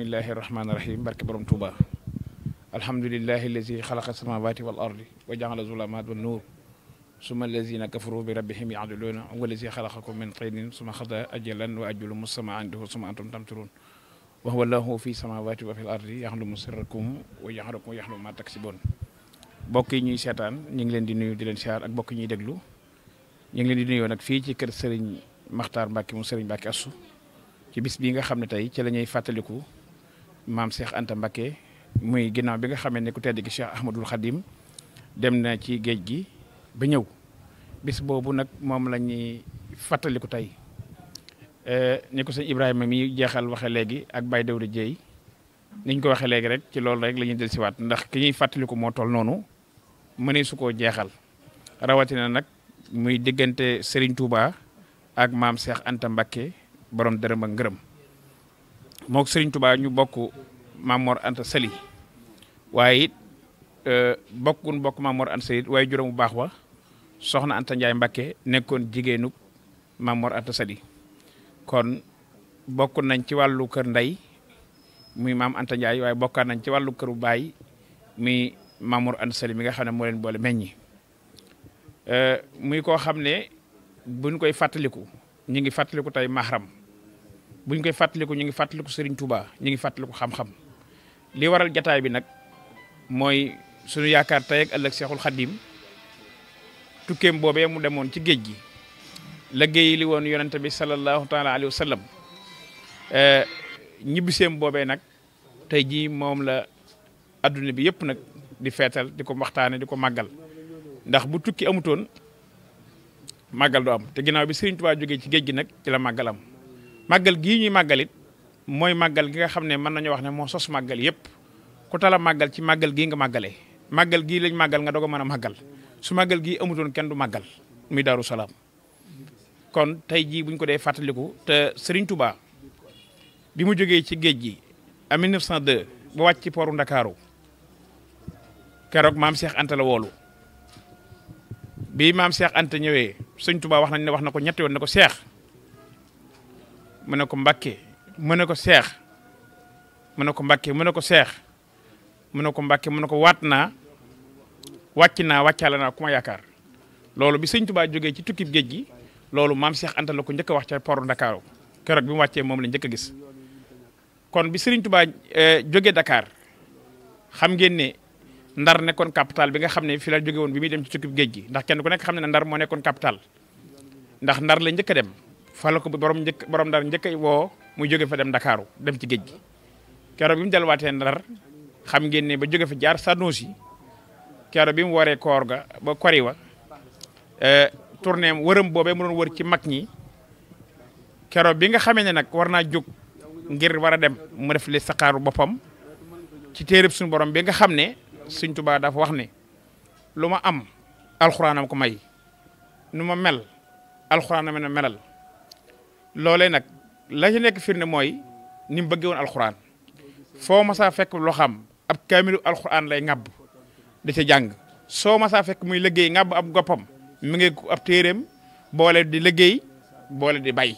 bismillahi rahmaani rahim barke borom Touba alhamdulillahi allazi xalaqa samawati wal ardi wa jaala zulamat wa nuur suma allazina kafaru bi rabbihim yaadiluuna wa allazi xalaqakum min tinin suma xada ajalan wa ajulu musama andihu suma antum tamtirun wa huwa allahu fi samawati wa fil ardi yaxlumu sirrakum wa jaxrakum yaxlumu ma taksibun mbokk yi ñuy seetaan ñu ngi leen di nuyu di leen siyaar ak mbokk yi ñuy déglu ñu ngi leen di nuyoo nag fii ci kër Serigne Makhtar Mbacke mu Serigne Mbacke Assou ci bis bii nga xam ne tey ci la ñuy fàttaliku maam seex Anta Mbacké muy ginaaw bi nga xamee ne ku tedd gi Cheikh Ahmadul Khadim dem na ci géej gi ba ñëw bis boobu nag moom la ñuy fàttaliku tey eh, ni ko sëñ Ibrahima mi jeexal waxe léegi ak Baye Dawda Dieye ni ñu ko waxee léegi rek ci loolu rek lañuy ñuy siwaat ndax ki ñuy fàttaliku moo toll noonu mënee su koo jeexal rawatina nag muy diggante Serigne tuuba ak maam seex Anta Mbacké borom dërëm ak ngërëm. mook Serigne Touba ñu bokk Mamor Anta Sali waaye it euh, bokk gun bokk Mamor Anta waaye juróom bu baax wa soxna Anta Ndiaye Mbakke nekkoon jigéenu Mamor Anta Sali kon bokk nañ ci wàllu kër nday muy maam Anta Ndiaye waaye bokkaat nañ ci wàllu këru baay muy Mamor Anta Sali mi nga xam ne moo leen boole meññi euh, muy koo xam ne buñ koy fàttaliku ñu ngi fàttaliku tey mahram bu ñu koy fàttaliku ñu ngi fàttaliku Serigne Touba ñu ngi fàttaliku xam-xam li waral jataay bi nag mooy sunu yaakaar tey ak ëllëg Seexul Xaddim tukkeem boobee mu demoon ci géej gi liggéey li woon yonente bi sallallahu taala alayhi wa sallam eh, ñibbiseem boobe nag tey jii moom la adduna bi yëpp nag di feetal di ko waxtaane di ko màggal ndax bu tukki amutoon màggal du am te ginnaaw bi Serigne Touba jógee ci géej gi nag ci la màggal màggal gii ñuy màggalit mooy màggal gi nga xam ne mën nañoo wax ne moo sos màggal yëpp ku tala màggal ci màggal gii nga màggalee màggal gii lañ màggal nga doog a mën a màggal su màggal gii amutoon kenn du màggal muy Daaru Salaam kon tey jii buñ ko dee fàttaliku te Serigne Touba bi mu jógee ci géej gi en 1902 ba wàcc ci pooru Ndakaaru keroog maam Cheikh Anta la bi maam Cheikh Anta ñëwee Serigne Touba wax nañ ne wax na ko ñetti yoon ne ko Cheikh mu ne ko mbakke mu ne ko seex mu ne ko Mbàkke mu ne ko seex mu ne ko Mbàkke mu ne ko waat naa wàcc naa wàccaale na ku yaakaar loolu bi sëñ tubaa jógee ci tukkib géej gi loolu maam Seex Anta la ko njëkk wax ca port Dakar keroog bi mu wàccee moom la njëkk a gis kon bi Serigne Touba eh, jógee dakaar xam ngeen ne ndar nekkoon capital bi nga xam ne fi la jóge woon bi muy dem ci tukkib géej gi ndax kenn ko nekk xam ne ndar moo nekkoon capital ndax ndar la njëkk dem fa la ko borom njëkk borom Ndar njëkk woo mu jóge fa dem Ndakaaru dem ci géej gi keroog bi mu delluwaatee Ndar xam ngeen ne ba jóge fa jaar Sanosi keroog bi mu waree koor ga ba kori wa eh, tournée wërëm boobee mu doon wër ci mag ñi keroog bi nga xamee ne nag war naa jóg ngir war a dem mu def li saqaaru boppam ci téereb suñu borom bi nga xam ne Sëñ Tuubaa dafa wax ne lu ma am alxuraanam ko may nu ma mel alxuraanam na melal lolé nak la ci nek firne moy ni mu won alquran fo ma sa fekk lo xam ab kamilu alquran lay ngab di ci jàng so ma sa fekk muy liggéey ngab ab gopam mi ngi ab téréem bolé di liggéey bolé di bay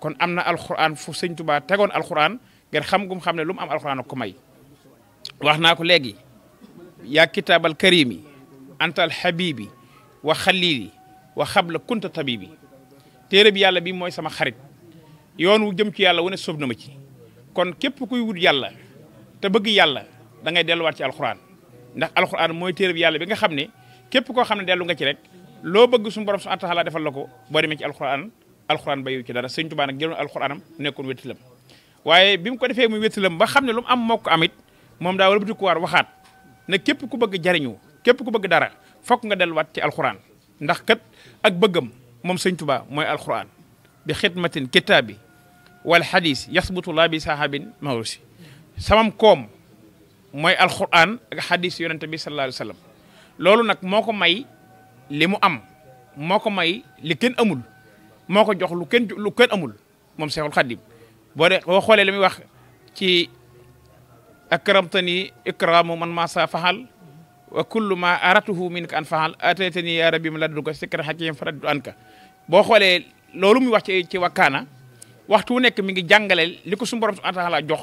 kon amna alquran fu seigne touba tegoon alquran ngir xam gum xamné lum am alquran ko may waxna naa ko léegi yaa kitaabal karimi antal habibi wa khalili wa xabla kunta tabibi téere bi yàlla bi mooy sama xarit yoon wu jëm ci yàlla wu ne soob na ma ci kon képp kuy wut yàlla te bëgg yàlla da ngay delluwaat ci alxuraan ndax alxuraan mooy téere bi yàlla bi nga xam ne képp koo xam ne nga ci rek loo bëgg suñu borom subhanahu wa defal la ko boo demee ci alxuraan alxuraan ba ci dara sëñ Tuubaa nag jëloon alxuraanam nekkoon wéttalam waaye bi mu ko defee muy wéttalam ba xam ne lu mu am moo ko amit moom daa wëlbati ku war waxaat ne képp ku bëgg jariñu képp ku bëgg dara fokk nga delluwaat ci alxuraan ndax kat ak bëggam moom sëñ Tuubaa mooy alquran bi xidmatin kitaabi wal xadis yasbutu laa bi sahabin mawrusi samam kom mooy alquran ak xadis yonente bi sallallahu alayhi wa sallam loolu nag may li am moo may li kenn amul moo ko jox lu kenn lu kenn amul moom Seexul Xadim boo de boo xoolee li wax ci akramtani ikramu man masa faxal wa kullu ma aratuhu minka an faxal ataytani ya rabbi min sikra hakim faraddu anka boo xoolee loolu mu wax ci ci wakkaana waxtu wu nekk mi ngi jàngale li ko suñu borom subhanahu wa jox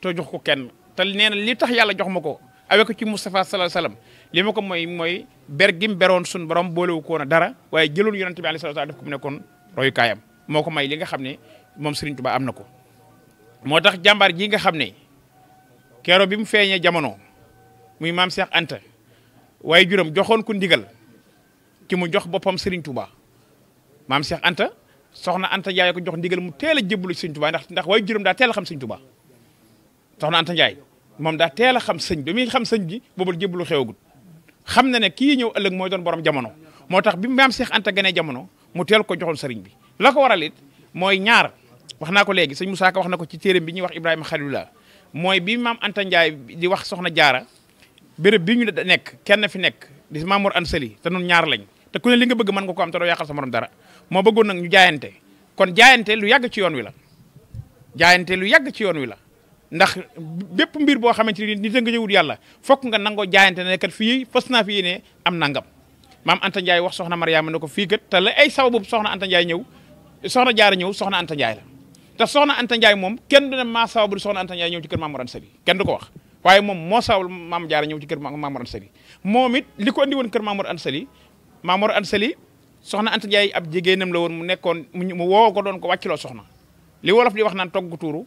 te jox ko kenn te nee na li tax yàlla jox ma ko awe ko ci Moustapha sallallahu alayhi wasallam li ma ko mooy mooy ber gim beroon suñu borom boolewu ko woon dara waaye jëloon yonent bi alayhi salaatu def ko mu nekkoon royukaayam moo ko may li nga xam ne moom Serigne Touba am na ko moo tax jàmbaar ji nga xam ne keroog bi mu feeñee jamono muy maam Cheikh Anta waaye juróom joxoon ko ndigal ki mu jox boppam Serigne Touba maam Cheikh Anta soxna Anta Ndiaye ko jox ndigal mu teel a jébbalu ci sëñ Tuubaa ndax ndax waaye juróom daa teel a xam sëñ Tuubaa soxna Anta Ndiaye moom daa teel a xam sëñ bi muy xam sëñ bi boobul jébbalu xewagul xam na ne kii ñëw ëllëg mooy doon borom jamono moo tax bi maam Cheikh Anta gënee jamono mu teel ko joxoon sëriñ bi la ko waral it mooy ñaar wax naa ko léegi sëñ mu Ka wax na ko ci téeréem bi ñuy wax Ibrahima Khalilullah mooy bi maam Anta Ndiaye di wax soxna jaara béréb bi ñu nekk kenn fi nekk di an Ansali ta nun ñaar lañ te ku ne li nga bëgg mën nga ko am te doo yàqal sa morom moo bëggoon nag ñu jaayante kon jaayante lu yàgg ci yoon wi la jaayante lu yàgg ci yoon wi la ndax bépp mbir boo xamante ni nit a nga jëwut yàlla fokk nga nangoo jaayante ne kat fii fas naa fi yéene am nangam maam Anta Ndiaye wax soxna Mariama ne ko fii kat te la ay sababu soxna Anta Ndiaye ñëw soxna Jaara ñëw soxna Anta jaay la te soxna Anta Ndiaye moom kenn du ne maa sababu soxna Anta Ndiaye ñëw ci kër Maam Mor Anta Saly kenn ko wax waaye moom moo sababul maam Jaara ñëw ci kër Maam Mor Anta Saly moom it li ko andi woon kër Maam Mor Anta Saly Maam Mor soxna Anta Ndiaye ab jigéenam la woon mu nekkoon mu woo ko doon ko wàcciloo soxna li wolof di wax naan togg tuuru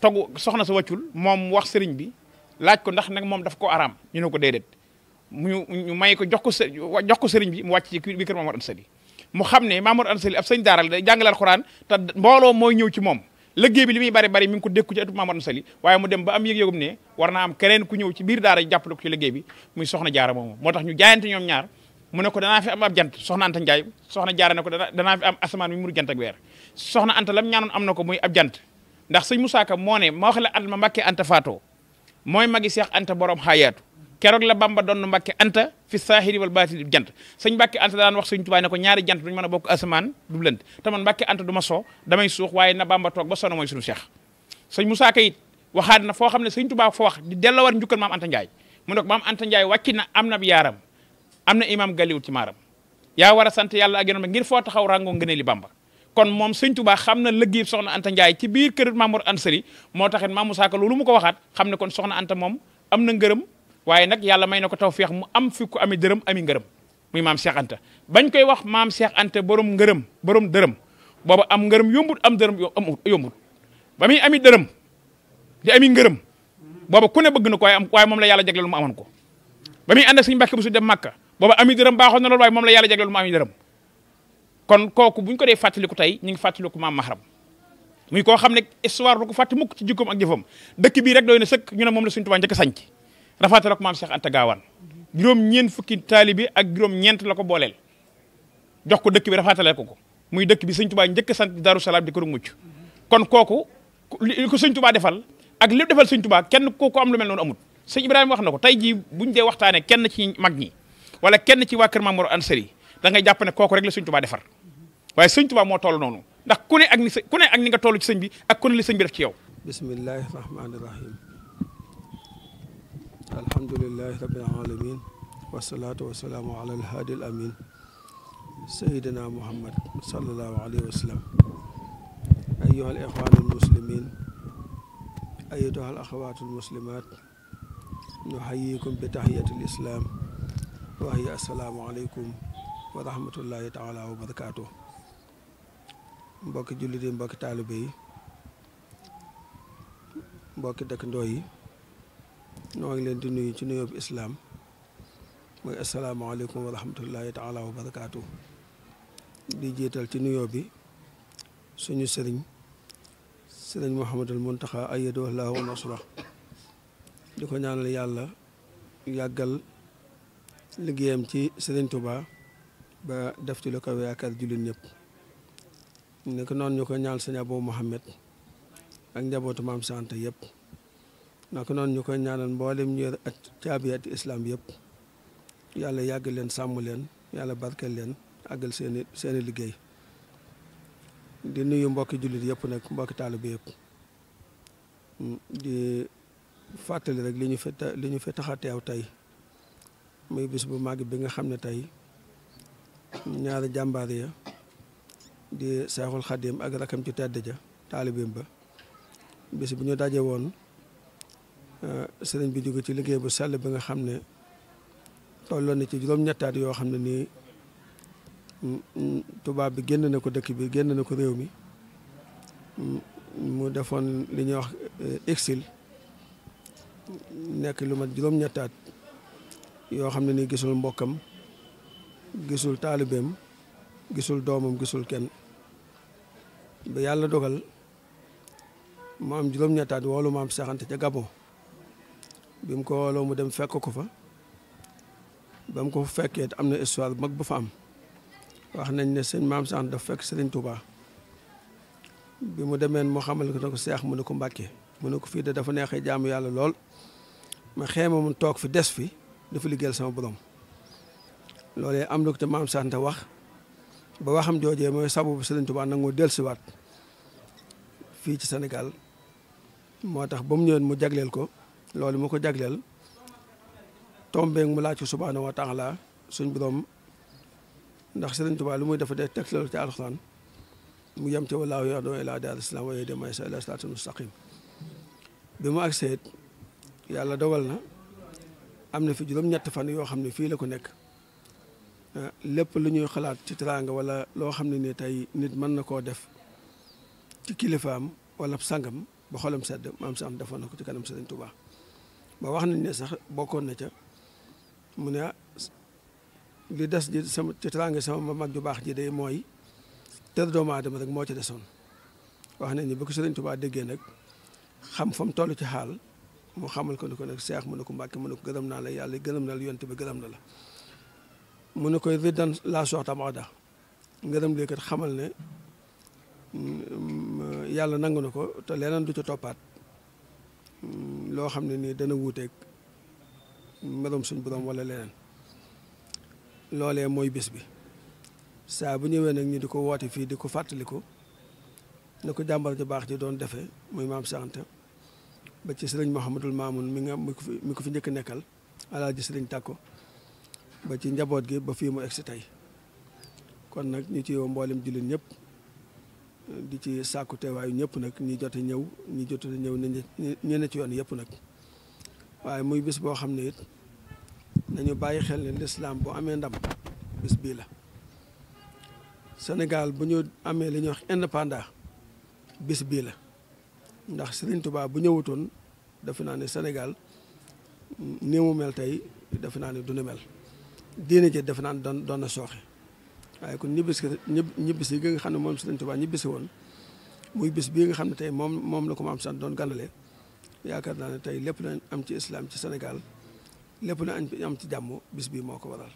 togg soxna sa wàccul moom wax sëriñ bi laaj ko ndax nag moom daf ko araam ñu ne ko déedéet mu may ko jox ko jox ko sëriñ bi mu wàcc ci bi kër Mamour Anta Sali mu xam ne Mamour am Sali ab sëñ daaral day jàngalal Alxuraan te mbooloo mooy ñëw ci moom liggéey bi li muy bari bari mi ngi ko dékku ci ëttu Mamour Anta Sali waaye mu dem ba am yëg-yëgum ne war naa am keneen ñëw ci biir daara jàppale ko ci liggéey bi muy soxna jaara moomu moo tax ñu jaayante ñoom ñaar mu ne ko danaa fi am ab jant soxna Anta Ndiaye soxna jaare ne ko danaa fi am asamaan mi mur jant ak weer soxna Anta lam ñaanoon am na ko muy ab jant ndax sëñ Moussa Ka moo ne ma wax la at ma Mbàkke Anta faatoo mooy magi Seex Anta borom xaayaatu keroog la Bamba doon Mbàkke Anta fi saahiri wal baatini jant sëñ Mbàkke Anta wax sëñ ne ko ñaari jant duñu mën a bokk asamaan du lënt te man Mbàkke ma soo damay suux waaye na Bamba toog ba sono mooy suñu Seex sëñ Moussa Ka it waxaat na foo xam ne sëñ Tuubaa fa wax di delloo war njukkal maam Anta Ndiaye mu ne ko maam Anta Ndiaye wàcc na am na bi yaaram am na imaam galiwul ci maaram yaa war a sant yàlla ak yoon ngir foo taxaw rango ngëneeli Bamba kon moom sëñ Tuubaa xam na lëggéey soxna Anta Ndiaye ci biir kër Mamour Ansari moo taxit Mamour Sakho loolu mu ko waxaat xam ne kon soxna Anta moom am na ngërëm waaye nag yàlla may na ko tawfeex mu am fi ku ami dërëm ami ngërëm muy maam Cheikh Anta bañ koy wax maam Cheikh Anta borom ngërëm borom dërëm booba am ngërëm yombut am dërëm yombut ba muy ami dërëm di ami ngërëm booba ku ne bëgg na ko am waaye moom la yàlla jagleel amoon ko ba muy ànd dem Màkka booba ami dërëm baaxoon na loolu waaye moom la yàlla jagleel mu ami dërëm kon kooku buñ ñu ko dee fàttaliku tey ñu ngi fàttaliku maam mahram muy koo xam ne histoire lu ko fàtte mukk ci jikkoom ak jëfam dëkk bii rek doy na sëkk ñu ne moom la Sëriñ Tuubaa njëkk sanc rafaate rek maam Cheikh Anta Gaawaan juróom ñeent fukki taalibe ak juróom ñeent la ko booleel jox ko dëkk bi rafaatale ko ko muy dëkk bi Sëriñ Tuubaa njëkk sant daru Salaam di këru mucc kon kooku li ko Sëriñ Tuubaa defal ak li defal Sëriñ Tuubaa kenn kooku am lu mel noonu amut sëñ Ibrahima wax na ko tey jii buñ dee waxtaane kenn ci mag ñi wala kenn ci waa kër Mamour Ansari da ngay jàpp ne kooku rek la sëñ Tuubaa defar waaye sëñ Tuubaa moo toll noonu ndax ku ne ak ni ku ne ak ni nga toll ci sëñ bi ak ku ne li sëñ bi def ci yow bismillahi rahmani rahim alhamdulilahi rabbil alamin wasalaatu wasalaamu ala alhaadi al amin sayidina muhammad sallallahu alayhi wa sallam ayyuha al ixwaan al muslimin ayyatuha al axawaatu al muslimat nuhayikum bi tahiyati al islam وهي السلام عليكم wa rahmatullahi taala wa barakaatu mbokki jullit yi mbokki taalibe yi mbokki dëkkandoo yi noo ngi leen di nuyu ci nuyoo bi islaam mooy asalaamaaleykum wa rahmatullahi taala wa barakaatu di jiital ci nuyoo bi suñu sëriñ sëriñ Mouhamadul Muntaxa ayyadahu Allahu wa nasra di ko ñaanal yàlla yàggal liggéeyam ci Sëriñ Tuuba ba def ci lu kaw yaakaar jullit ñëpp nekk noonu ñu ko ñaanal sëñ Abou Mouhamed ak njabootu maam sant yëpp naka noonu ñu koy ñaanal mboolem ñu yor ak caabiyaati islaam yëpp yàlla yàgg leen sàmm leen yàlla barkeel leen àggal seen seeni liggéey di nuyu mbokki jullit yëpp nag mbokki taalibe yëpp mm, di fàttali rek li ñu fi li ñu fi taxateew tey muy bis bu màgg bi nga xam ne tey ñaari jàmbaar ya di seexul xadim ak rakam ci tedd ja taalibeem ba bis bu ñu dajee woon euh, sëriñ bi jóge ci liggéey bu sell bi nga xam ne tolloon na ci juróom-ñettaat yoo xam ne nii tubaab bi génn na ko dëkk bi génn na ko réew mi mu defoon li ñuy wax exil euh, nekk lu ma juróom-ñettaat yoo xam ne ni gisul mbokkam gisul taalibeem gisul doomam gisul kenn ba yàlla dogal ma am juróom-ñettaat wolu ma am seexante ca Gabon bi mu ko wooloo mu dem fekk ko fa ba mu ko fekkee am na histoire mag bu fa am wax nañ ne sëñ maam sant dafa fekk sëriñ Touba bi mu demeen moo xamal ko ko seex mu ne ko mbàkke mu ne ko fii de dafa neexee jaamu yàlla lool ma xeema mu toog fi des fi dafa liggéeyal sama borom loolee am na ko te maam Santa wax ba waxam joojee mooy sababu Sëriñ Tuubaa nangoo siwaat fii ci senegal moo tax ba mu ñëwoon mu jagleel ko loolu mu ko jagleel tombeeg mu laaj ko subhaanahu wa taala suñ borom ndax Sëriñ Tuubaa lu muy dafa dee teg loolu ci alxuraan mu yem ci wallaahu yahdii ilaa daaris salaam wa yahdii man yashaa ilaa siraatin bi mu agsee yàlla dogal na am na fi juróom-ñetti fan yoo xam ne fii la ko nekk ah, lépp lu ñuy xalaat ci teraanga walla loo xam ne ni tey nit mën na koo def ci kilifaam wala sangam ba xolam sedd maam Sam defoon na ko ci kanam Sëriñ Tuubaa ba wax nañ sax bokkoon na ca mu ne li des ji sama ci teraanga sama mag ju baax ji day mooy ter doomu aadama rek moo ci desoon wax nañ ne bu ko Sëriñ Tuubaa déggee nag xam fa tollu ci xaal mu xamal ko ne ko nag seex mu ne ko mbàkke mu ne ko gërëm naa la yàlla gërëm na la yonte bi gërëm na la mu ne koy riddan laa soxta maxda ngërëm léekat xamal ne mm, mm, yàlla nangu na ko te leneen du ca toppaat loo xam ne nii dana wuuteeg merom suñ borom wala leneen loolee mooy bés bi saa bu ñëwee nag ñu di ko woote fii di ko fàttali ko na ko jàmbar ju baax ji doon defe muy maam Saxante ba ci sëriñ Mouhamadul Mamoun mi nga mi ko fi mi ko fi njëkk nekkal alaaji sëriñ Tàkko ba ci njaboot gi ba fii mu egsi tey kon nag ñu ci yow mboolem jullit ñëpp di ci sàkku teewaayu ñëpp nag ñi jote ñëw ñu jote ñëw ñe ne ci yoon yëpp nag waaye muy bis boo xam ne it nañu bàyyi xel ne lislaam bu amee ndam bis bii la senegal bu ñu amee li ñuy wax indépendant bis bii la ndax Serigne Touba bu ñëwutoon defe naa ne Sénégal ni mu mel tey defe naa ne du nu mel diine ji defe naa ni doon doon na sooxe waaye kon ñibbisi ñibbisi gi nga xam ne moom Serigne Touba ñibbisi woon muy bis bii nga xam ne tey moom moom la ko maam sant doon ganale yaakaar naa ne tey lépp na am ci islam ci senegal lépp na am ci jàmm bis bii moo ko waral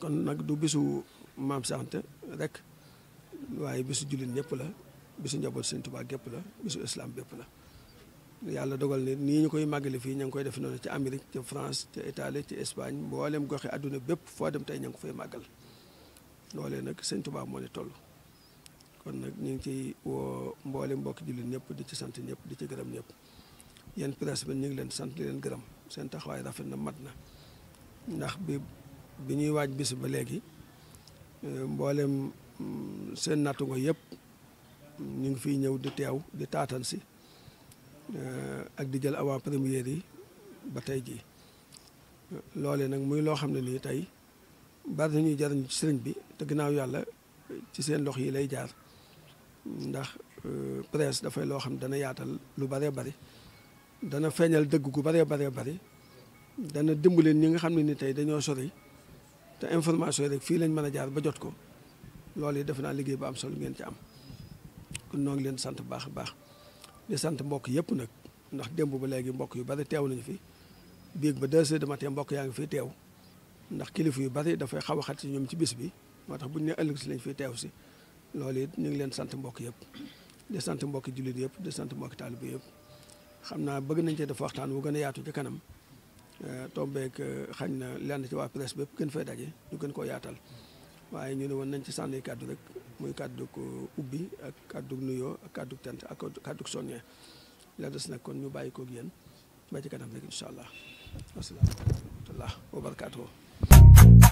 kon nag du bisu maam sant rek waaye bisu jullit ñëpp la bisu njaboot Sëñ Tuubaa gépp la bisu islam bépp la yàlla dogal ne nii ñu koy màggale fii ña ngi koy defe noonu ci Amérique ci France ci Italie ci Espagne mboolem goxi àdduna bépp foo dem tey ñu ngi ko fay màggal loolee nag Sëñ Tuubaa moo ne toll kon nag ñu ngi ci woo mboolem mbokki jullit ñëpp di ci sant ñëpp di ci gërëm ñëpp yéen presse bi ñu ngi leen sant leen gërëm seen taxawaay rafet na mat na ndax bi bi ñuy waaj bis ba léegi eh, mbooleem mm, seen nattu yëpp ñu ngi fi ñëw di teew di taatan si eh, ak di jël avant première yi ba tey jii loole nag muy loo xam ne nii tey bari nañuy jarañ ci bi te ginnaaw yàlla ci seen lox yi lay jaar ndax eh, presse dafay loo xam dana yaatal lu baree bari dana feeñal dëgg gu baree baree bari dana dimbali ñi nga xam ne ni tey dañoo sori te information yi rek fii lañ mën a jaar ba jot ko loolu yi def naa liggéey bu am solo ngeen ci am kon noo ngi leen sant bu baax a baax di sant mbokk yëpp nag ndax démb ba léegi mbokk yu bari teew nañu fi biig ba deux heures de matin mbokk yaa ngi fi teew ndax kilifa yu bari dafay xaw a xat si ñoom ci bis bi moo tax bu ñu nee ëllëg si lañ fiy teew si loolu it ñu ngi leen sant mbokk yëpp di sant mbokki jullit yëpp di sant mbokki taalibe yëpp xam naa bëgg nañ cee def waxtaan wu gën a yaatu ci kanam eh, tombeek eh, xañ na lenn ci waa presse bépp gën fay daje ñu gën koo yaatal waaye ñu ne woon nañ ci sànni kàddu rek muy kàddu ubbi ak kàddu nuyoo ak kàddu tent ak kàddu soññee la des nag kon ñu bàyyi kook yéen ba ci kanam rek incha allah wasalaamaaleykum wa rahmatulah wa barakaatuhu